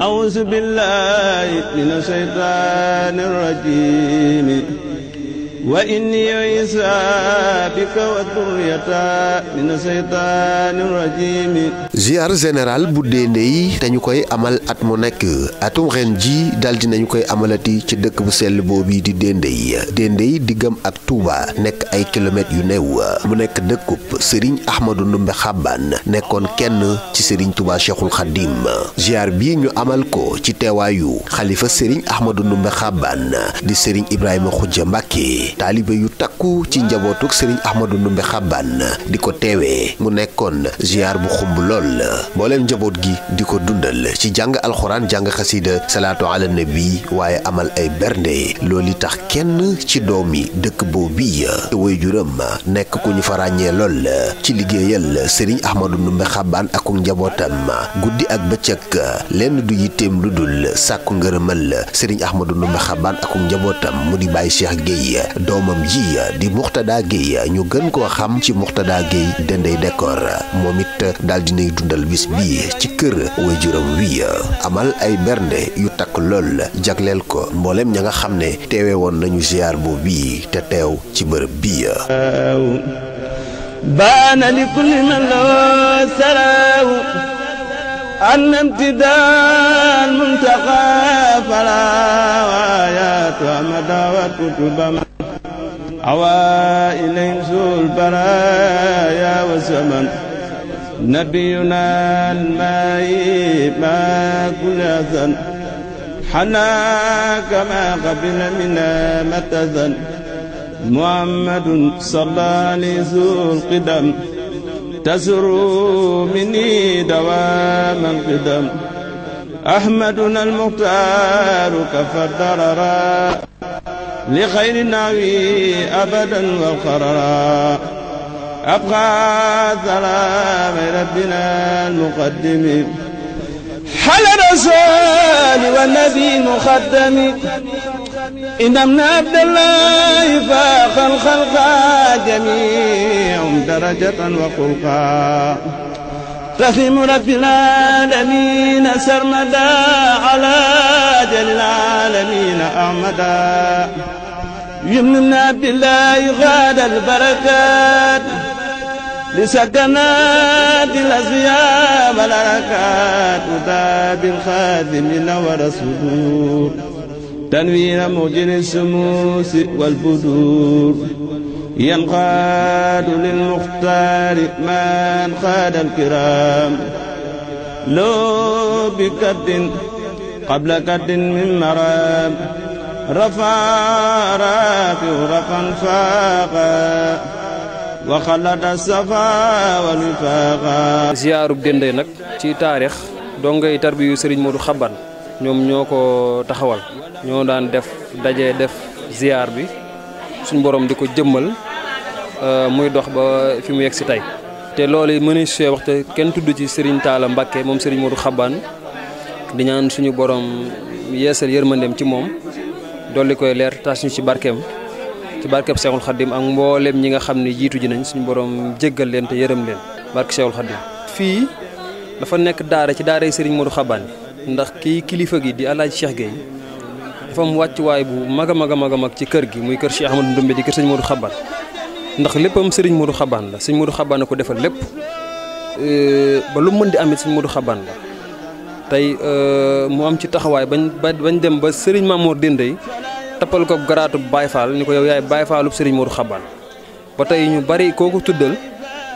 أعوذ بالله من الشيطان الرجيم وإني عيسى بك وذريتا من الشيطان الرجيم ziar général bu déndé dañu koy amal at mu nekk atum ren ji dal di nañu koy amalati ci dëkk bu sell boobu di déndé yi déndé yi diggam ak Touba nekk ay kilomètres yu néew mu nekk dëkkub Serigne Ahmadou Ndumbe xàbban nekkoon kenn ci Serigne Touba Cheikhul Khadim ziar bi ñu amal ko ci teewaayu xalifa Serigne Ahmadou Ndumbe Xabbaan di Serigne Ibrahima Khoudia Mbacke taalibe yu takku ci njabootuk Serigne Ahmadou Ndumbe Xabbaan di ko teewee mu nekkoon ziar bu xumb dundal njaboot gi di ko dundal ci jàng alxuraan jàng xasida salaatu ala nabi waaye amal ay bernde lool yi tax kenn ci doom yi dëkk boobu bi woy juram nekk ku ñu fa ràññee lool ci liggéeyal Serigne Ahmadou Ndumbe Xabaan ak njabootam guddi ak bëccëg lenn du yitteem lu dul sàkku ngërëmal Serigne Ahmadou Ndumbe Xabaan ak njabootam mu di Baye Cheikh Guèye doomam ji di Muxtada Guèye ñu gën koo xam ci Muxtada Guèye dendey décor moom it daal dinay dundal ci kër waajuram amal ay bernde yu takk lool jagleel ko mbooleem ña nga xam ne teewe woon nañu ziar boobu bii te teew ci bërëb bii baana li kulli man la saraaw an imtidaal muntaqa falaayaatu amadaawat kutubama awa ilayhim suul baraaya wa zaman نبينا الماي ما كل ذن حنا كما قبل منا متزن محمد صلى عليه ذو القدم تزر مني دوام القدم أحمدنا المختار كفى الضررا لخير ناوي أبدا وقررا أبقى سلام ربنا المقدم على الرسول والنبي المخدم إن ابن عبد الله فاق الخلق جميعهم درجة وخلقا رحيم رب العالمين سرمدا على جل العالمين أحمدا يمنى بالله غاد البركات لسكنات الأسياب الأركات ذاب الخادم نور الصدور تنوير موجر السموس والبدور ينقاد للمختار ما انقاد الكرام لو بكد قبل كد من مرام رفع راقي رفعا فاقا waxalata safa wal faqa ziyaarub Dendey nag ci taarix dongay tarbiyu Serigne Modou Xaban ñoom ñoo ko taxawal ñoo daan def daje def ziyaar bi suñu borom di ko jëmmal euh, muy dox ba fi mu yegg si tey te loolu yi mënees see waxte kenn tudd ci Serigne taala Mbacke moom Serigne Modou Xaban di ñaan suñu borom yeesal yërmandeem ci moom dolli koy leer tas ñu ci barkeem ci barkeb Seexul Xaddim ak mbooleem ñi nga xam ne jiitu ji nañ suñu boroom jéggal leen te yërëm leen barke Seexul Xaddim fii dafa nekk daara ci daaray Serigne Modou Xabaan ndax kii kilifa gi di Alaaji Cheikh Gueye dafa am wàccuwaay bu mag a mag mag mag ci kër gi muy kër Cheikh Ahmadou Ndoumbe di kër Serigne Modou Xabaan ndax léppam Serigne Modou xaban la Serigne Modou Xabaan a ko defal lépp mën di amit Serigne Modou Xabaan la tey mu am ci taxawaay bañ bañ dem ba Serigne Mamour Dendey tappal ko garaatu Baye faal ni ko yow yaay Baye Fallub Serigne Modou Xabaan ba tey ñu bari koo kooku tuddal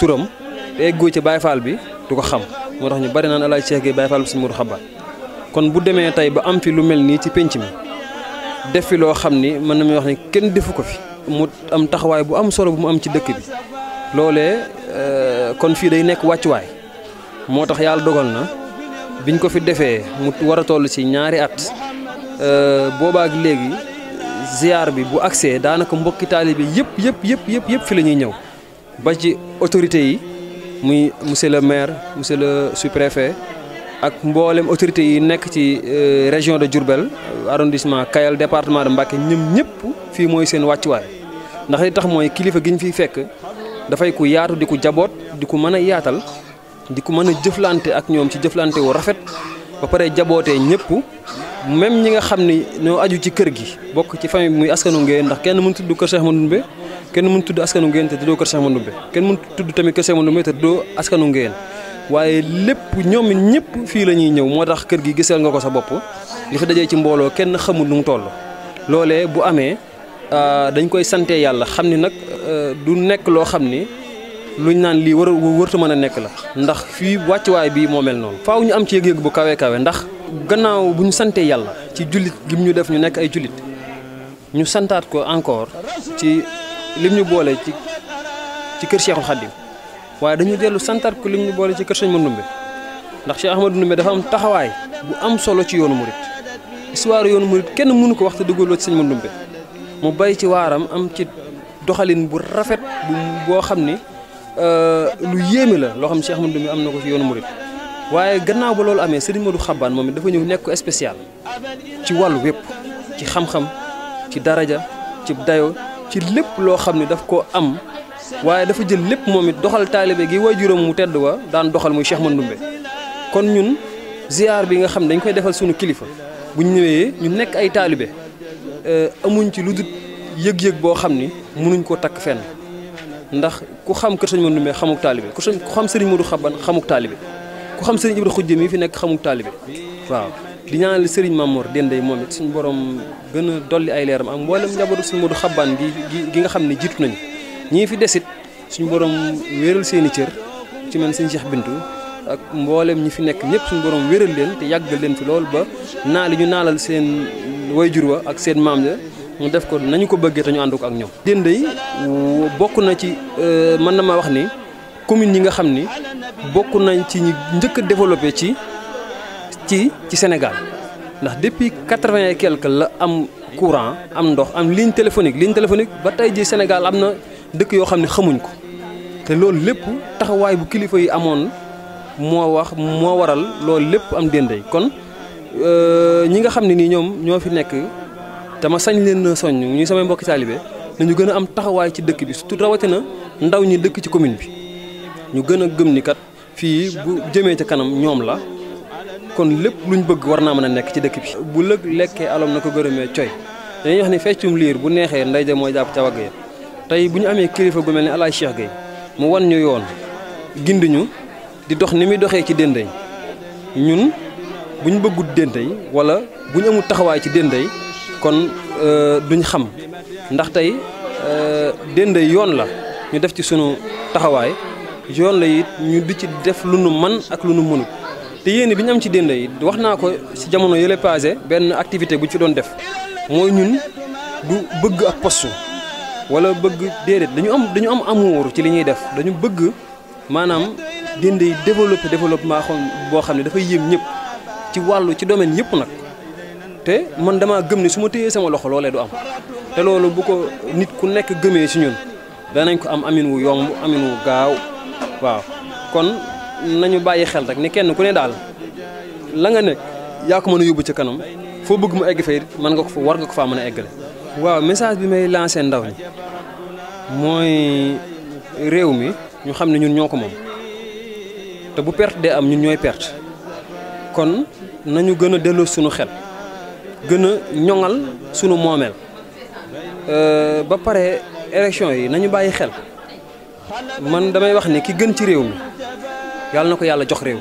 turam te eggoo ci Baye Fall bi du ko xam moo tax ñu bari naan alaaj Cheikh Gueye Baye Fallub Serigne Modou Xabaan kon bu demee tey ba am fi lu mel nii ci pénc mi def fi loo xam ni mën na muy wax ni kenn defu ko fi mu am taxawaay bu am solo bu mu am ci dëkk bi loolee euh, kon fii day nekk wàccuwaay moo tax yàlla dogal na biñ ko fi defee mu war a toll ci ñaari at euh, boobaak léegi ziar bi bu accès daanaka mbokki taalibe yëpp yëpp yëpp yëpp yëpp fi la ñuy ñëw ba ci autorité yi muy monsieur le maire monsieur le sous ak mboolem autorité yi nekk ci euh, région de Diourbel arrondissement Kayal département de Mbacké ñoom ñëpp fii mooy seen wàccuwaay ndax li tax mooy kilifa gi ñu fiy fekk dafay ku yaatu di ko jaboot di ko mën a yaatal di ko mën a jëflante ak ñoom ci jëflante wu rafet ba pare jabootee ñëpp même ñi nga xam ni ñoo aju ci kër gi bokk ci famille bi muy askanu ngeen ndax kenn mën tudd kër Cheikh Mandoumbe kenn mën tudd askanu ngeen te tuddoo kër Cheikh Mandoumbe kenn mën tudd tamit kër Cheikh Mandoumbe te tuddoo askanu ngeen waaye lépp ñoom ñëpp fii la ñuy ñëw moo tax kër gi gisal nga ko sa bopp li fa dajee ci mbooloo kenn xamul nu mu toll loole bu amee ah, dañ koy sante yàlla xam ni nag euh, du nekk loo xam ni luñ naan lii war a wërta mën a nekk la ndax fii wàcciwaay bii moo mel noonu faaw ñu am ci yëg-yëg bu kawe kawe ndax gannaaw bu ñu santee yàlla ci jullit gim ñu def ñu nekk ay jullit ñu santaat ko encore ci lim ñu boole ci ci kër Cheikhul Khadim waaye dañu dellu santaat ko li mu boole ci kër Sëñ Mandumbe ndax Cheikh Ahmadou Ndumbe dafa am taxawaay bu am solo ci yoonu murit histoire yoonu murit kenn mënu ko wax te duggaloo ci Sëñ Mandumbe mu bay ci waaram am ci doxalin bu rafet bu xam ni Euh, lu yéeme la loo xam Cheikh Ahmadou Bamba am na ko ci yoonu murid waaye gannaaw ba loolu amee ma Modou Xabaan moom it dafa ñëw nekk ko spécial ci wàllu wépp ci xam-xam ci daraja ci dayo ci lépp loo xam ne daf ko am waaye dafa jël lépp moom it doxal taalibe gi waajuram mu tedd wa daan doxal muy Cheikh Ahmadou Bamba kon ñun ziar bi nga xam ne dañ koy defal suñu kilifa bu ñu ñëwee ñu nekk ay taalibe euh, amuñ ci lu dul yëg-yëg boo xam ni mënuñ koo takk fenn ndax ku xam kër sëñ Modou Ndoumbé xamuk taalibe ku xam sëriñ Modou Xaban xamuk taalibe ku xam sëriñ Ibra Xujje mi fi nekk xamuk taalibe waaw di ñaanal sëriñ Mamour Dendey moom it suñu borom gën a dolli ay leeram ak mboolem njabootu sëñ Modou Xaban gi gi nga xam ne jiitu nañu ñii fi desit suñu boroom wéeral seen i cër ci man sëñ Cheikh Bintu ak mboolem ñi fi nekk ñëpp suñu borom wéral leen te yàggal leen fi lool ba naa li ñu naalal seen wayjur wa ak seen maam ja ñu def ko nañu ko bëggee te ñu ànd ko ak ñoom. dënd yi bokk na ci euh, mën na ma wax ni commune yi nga xam ni bokk nañ ci ñi njëkk a développé ci ci ci Sénégal ndax depuis quatre-vingt et la am courant am ndox am ligne téléphonique ligne téléphonique ba tey ji Sénégal am na dëkk yoo xam ne xamuñ ko te loolu lépp taxawaay bu kilifa yi amoon moo wax moo waral loolu lépp am dënd yi kon euh, ñi nga xam ne nii ñoom ñoo fi nekk. dama sañ leen soññ ñuy samay mbokki taalibe nañu gën a am taxawaay ci dëkk bi surtout rawatina ndaw ñi dëkk ci commune bi ñu gën a gëm ni kat fii bu jëmee ca kanam ñoom la kon lépp luñ bëgg war naa mën a nekk ci dëkk bi. bu lëg lekkee alom na ko gërëmee coy dañuy wax ni feccum liir bu neexee nday ja mooy jàpp ca wagg ya tey bu ñu amee kilifa gu mel ne El Hadj Cheikh mu wan ñu yoon gindi di dox ni muy doxee ci Dendey ñun bu ñu bëggut Dendey wala bu taxawaay ci Dendey kon euh, duñ xam ndax tey euh, Dendey yoon la ñu def ci sunu taxawaay yoon la it ñu di ci def lu nu man ak lu nu mënut te yéene bi ñu am ci Dendey wax naa ko si jamono yële benn activité bu ci doon def mooy ñun du bëgg ak postu wala bëgg déedéet dañu am dañu am amour ci li ñuy def dañu bëgg maanaam Dendey développé développement xam boo xam ne dafay yéem ñëpp ci wàllu ci domaine yëpp nag. te man damaa gëm ne su ma téyee sama loxo loolee du am te loolu bu ko nit ku nekk gëmee ci ñun danañ ko am amin wu yomb amin wu gaaw waaw kon nañu bàyyi xel rek ni kenn ku ne daal la nga nekk yaa ko mën a yóbbu ca kanam foo bëgg mu egg fay mën nga ko fa war nga ko faa mën a eggale. waaw message bi may lancé ndaw ñi mooy réew mi ñu xam ne ñun ñoo ko moom te bu perte dee am ñun ñooy perte kon nañu gën a delloo suñu xel. gën a ñoŋal sunu moomeel euh, ba pare élection yi nañu bàyyi xel man damay wax ni ki gën ci réew mi yàlla na ko yàlla jox réew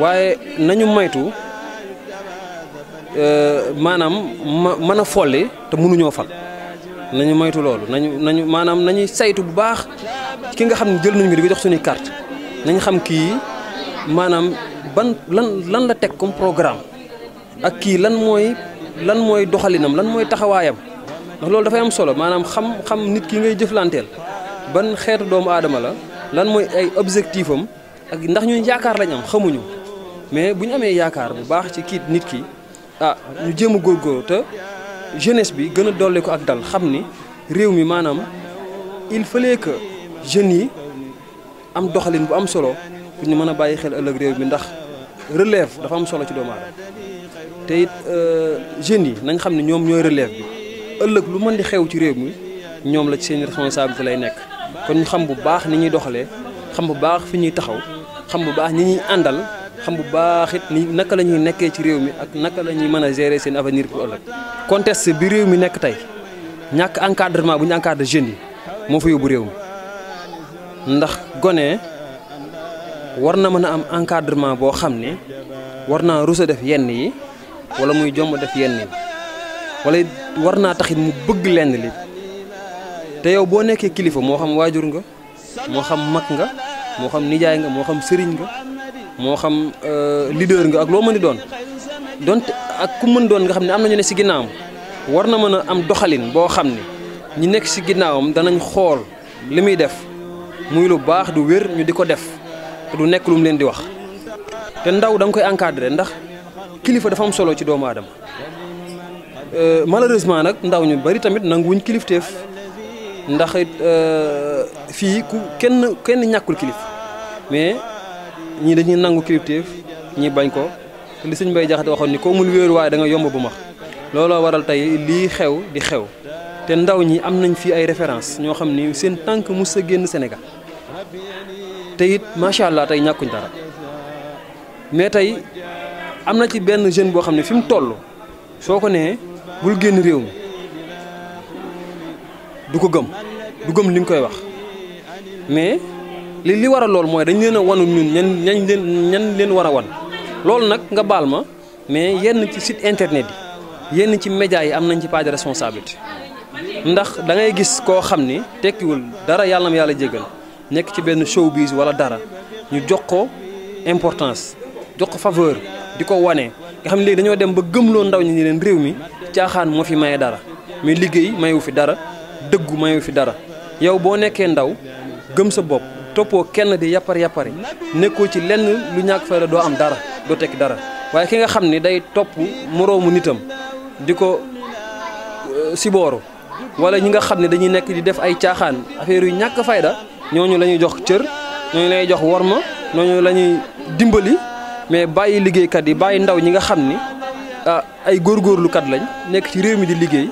waaye nañu moytu euh, maanaam ma mën a folli te mënuñoo fal nañu moytu loolu nañu nañu maanaam nañuy saytu bu baax ki nga xam ne jël nañu ko di jox suñuy carte nañu xam kii maanaam ban lan lan la teg comme programme ak kii lan mooy lan mooy doxalinam lan mooy taxawaayam ndax loolu dafay am solo maanaam xam xam nit ki ngay jëflanteel ban xeetu doomu aadama la lan mooy ay objectif am ak ndax ñuy yaakaar lañ am xamuñu mais bu ñu amee yaakaar bu baax ci kii nit ki ah ñu jéem a góor te jeunesse bi gën a dolli ko ak dal xam ni réew mi maanaam il fallait que jeunes yi am doxalin bu am solo pour ñu mën a bàyyi xel ëllëg réew mi ndax relève dafa am solo ci doomu aadama te it euh, jeunes yi nañ xam ne ñoom ñooy relève bi ëllëg lu mën di xew ci réew mi ñoom la ci seen responsabilité lay nekk kon ñu xam bu baax ni ñuy doxalee xam bu baax fi ñuy taxaw xam bu baax ñi ñuy àndal xam bu baax it ni naka lañuy nekkee ci réew mi ak naka la ñuy mën a gérer seen avenir pour ëllëg. contexte bi réew mi nekk tey ñàkk encadrement bu ñu encadré jeunes yi moo fa yóbbu réew mi ndax gone war na mën a am encadrement boo xam ne war naa rus def yenn yi. wala muy jomb def yenn yi wala war naa taxit mu bëgg lenn li te yow boo nekkee kilifa moo xam waajur nga moo xam mag nga moo xam nijaay nga moo xam sëriñ nga moo xam euh, leader nga ak loo mën di doon donte ak ku mën doon nga xam ne am nañu ne si ginnaawam war na mën a am doxalin boo xam ne ñi nekk si ginnaawam danañ xool li muy def muy lu baax du wér ñu di ko def te du nekk lu mu leen di wax te ndaw da koy encadrer ndax. kilifa dafa am solo ci doomu aadama euh, malheureusement nag ndaw ñu bari tamit nanguwuñ kilifteef ndax euh, fii ku kenn kenn ñàkkul kilif mais ñii dañuy nangu kilifteef ñi bañ ko te li sëñ Bay Jaxate waxoon ni ko mul wéeru waaye da nga yomb bu ma looloo waral tey lii xew di xew te ndaw ñi am nañ fii ay référence ñoo xam ni seen tànk mus a génn Sénégal te it macha allah tey ñàkkuñ dara mais tey am na ci benn jeune boo xam ne fi mu toll soo ko nee bul génn réew mi du ko gëm du gëm li koy wax mais li li war a lool mooy dañ leen a wanu ñun ñan ñañ leen ñan leen war a wan loolu nag nga baal ma mais yenn ci site internet yi yenn ci médias yi am nañ ci pas de responsabilité ndax da ngay gis koo xam ni tekkiwul dara yàllam yàlla jégal nekk ci benn showbiz wala dara ñu jox ko importance jox ko faveur di ko wane nga xam ne léegi dañoo dem ba gëmloo ndaw ñi ni leen réew mi caaxaan moo fi maye dara muy liggéey mayewu fi dara dëggu mayewu fi dara yow boo nekkee ndaw gëm sa bopp toppoo kenn di yappar yappari nekkoo ci lenn lu ñàkk fay la doo am dara doo tekki dara waaye ki nga xam ni day topp moroomu nitam di ko euh, sibooru wala ñi nga xam ne dañuy nekk di def ay caaxaan affaire yu ñàkk fayda ñooñu la ñuy jox cër ñooñu la ñuy jox worma ñooñu la lañuy dimbali mais bàyyi liggéeykat yi bàyyi ndaw ñi nga xam ni ah ay góorgóorlukat lañ nekk ci réew mi di liggéey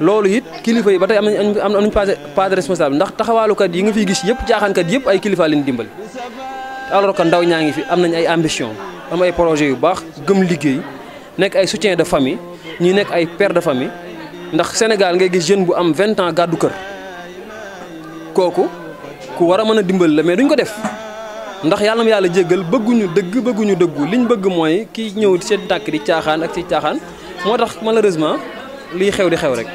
loolu it kilifa yi ba tey am nañ am nañ pas de responsable ndax taxawaalukat yi nga fiy gis yëpp jaaxaankat yëpp ay kilifa leen dimbali. alors que ndaw ñaa ngi fi am nañ ay ambition am ay projet yu baax gëm liggéey nekk ay soutien de famille ñuy nekk ay père de famille ndax Sénégal ngay gis jeune bu am vingt ans gàddu kër kooku ku war a mën a dimbali la mais duñ ko def. ndax yàllam yàlla jéggal bëgguñu dëgg bëgguñu dëggu liñ bëgg mooy ki ñëw seen tàkk di caaxaan ak ci caaxaan moo tax malheureusement liy xew di xew rek.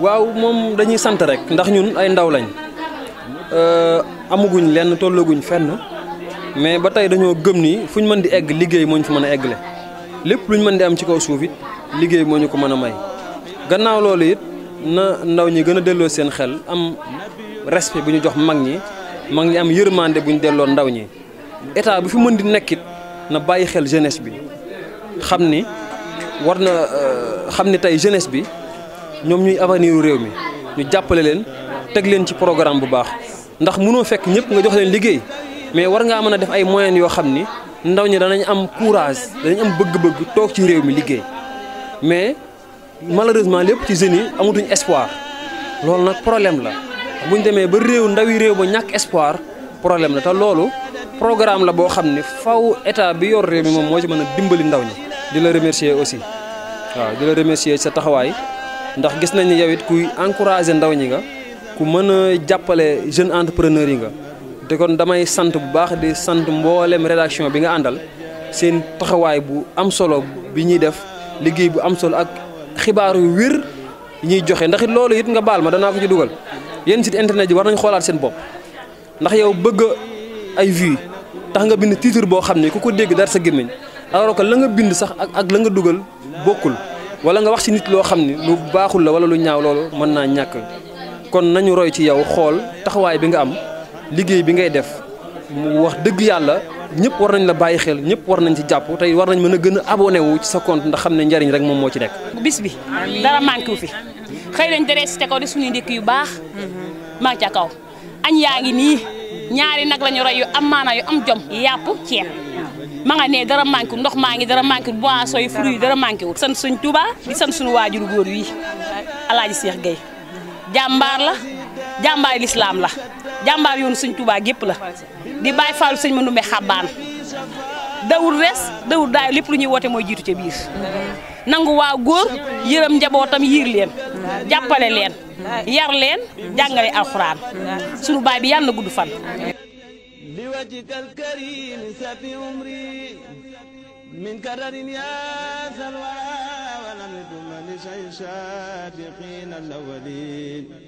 waaw moom dañuy sant rek ndax ñun ay ndaw lañ euh, amaguñ lenn tollaguñ fenn mais ba tey dañoo gëm ni ñu mën di egg liggéey moo ñu fi mën a eggale lépp lu luñ mën di am ci kaw suuf it liggéey moo ñu ko mën a may. gannaaw loolu it na ndaw ñi gën a delloo seen xel am respe bu ñu jox mag ñi mag ñi am yërmande bu ñu delloo ndaw ñi. état bi fi mën di nekkit na bàyyi xel jeunesse bi xam ni war na euh, xam ni tey jeunesse bi ñoom ñuy avenir réew mi ñu jàppale leen teg leen ci programme bu baax ndax mënoo fekk ñëpp nga jox leen liggéey mais war ngaa mën a def ay moyens yoo xam ni ndaw ñi danañ am courage danañ am bëgg-bëgg toog ci réew mi liggéey mais malheureusement lépp ci jeunes yi amatuñ espoir loolu nag problème la buñ demee ba réew ndawi réew ba ñàkk espoir problème la te loolu. programme la boo xam ne faw état bi yor réew mi moom moo ci mën a dimbali ndaw ñi di la remercier aussi waaw di la remercier sa taxawaay ndax gis nañ ne yow it kuy encourager ndaw ñi nga ku mën a jàppale jeune entrepreneur yi nga te kon damay sant bu baax di sant mboolem rédaction bi nga àndal seen taxawaay bu am solo bi ñuy def liggéey bu am solo ak xibaar yu wér ñuy joxe ndax it loolu it nga baal ma danaa ko ci dugal yéen site internet yi war nañ xoolaat seen bopp ndax yow bëgg ay vues tax nga bind titre boo xam ne ku ko dégg dara sa gémmiñ alors ko la nga bind sax ak ak la nga dugal bokkul wala nga wax ci nit loo xam ne lu baaxul la wala lu ñaaw loolu mën naa ñàkk kon nañu roy ci yow xool taxawaay bi nga am liggéey bi ngay def mu wax dëgg yàlla ñëpp war nañ la bàyyi xel ñëpp war nañ ci jàpp tey war nañ mën a gën a abonné wu ci sa compte ndax xam ne njariñ rek moom moo ci nekk. bis bi dara manqué fi xëy nañ dara si te suñu ndékk yu baax. Mm-hmm. ñaari nag la ñu rey yu am maana yu am jom yàpp ceeb ma nga ne dara manqué ndox maa ngi dara manqué boisson yi fruit yi dara manqué wul sant suñ Touba di sant suñu waajur góor wi alaaji Seex Gueye jàmbaar la jàmbaar lislaam la jàmbaar yoonu suñ Touba gépp la di bàyyi faalu sëñ Mandoumbe xabaan dawul res dawul daay lépp lu ñuy woote mooy jiitu ca biir nangu waa góor yërëm njabootam yiir leen jàppale leen yar leen jàngale alxuraan sunu baay bi yàlla na gudd fan liwajhikal karim safi umri min kadarin ya salwa wa lam yakun li shay'in shadiqin al-awwalin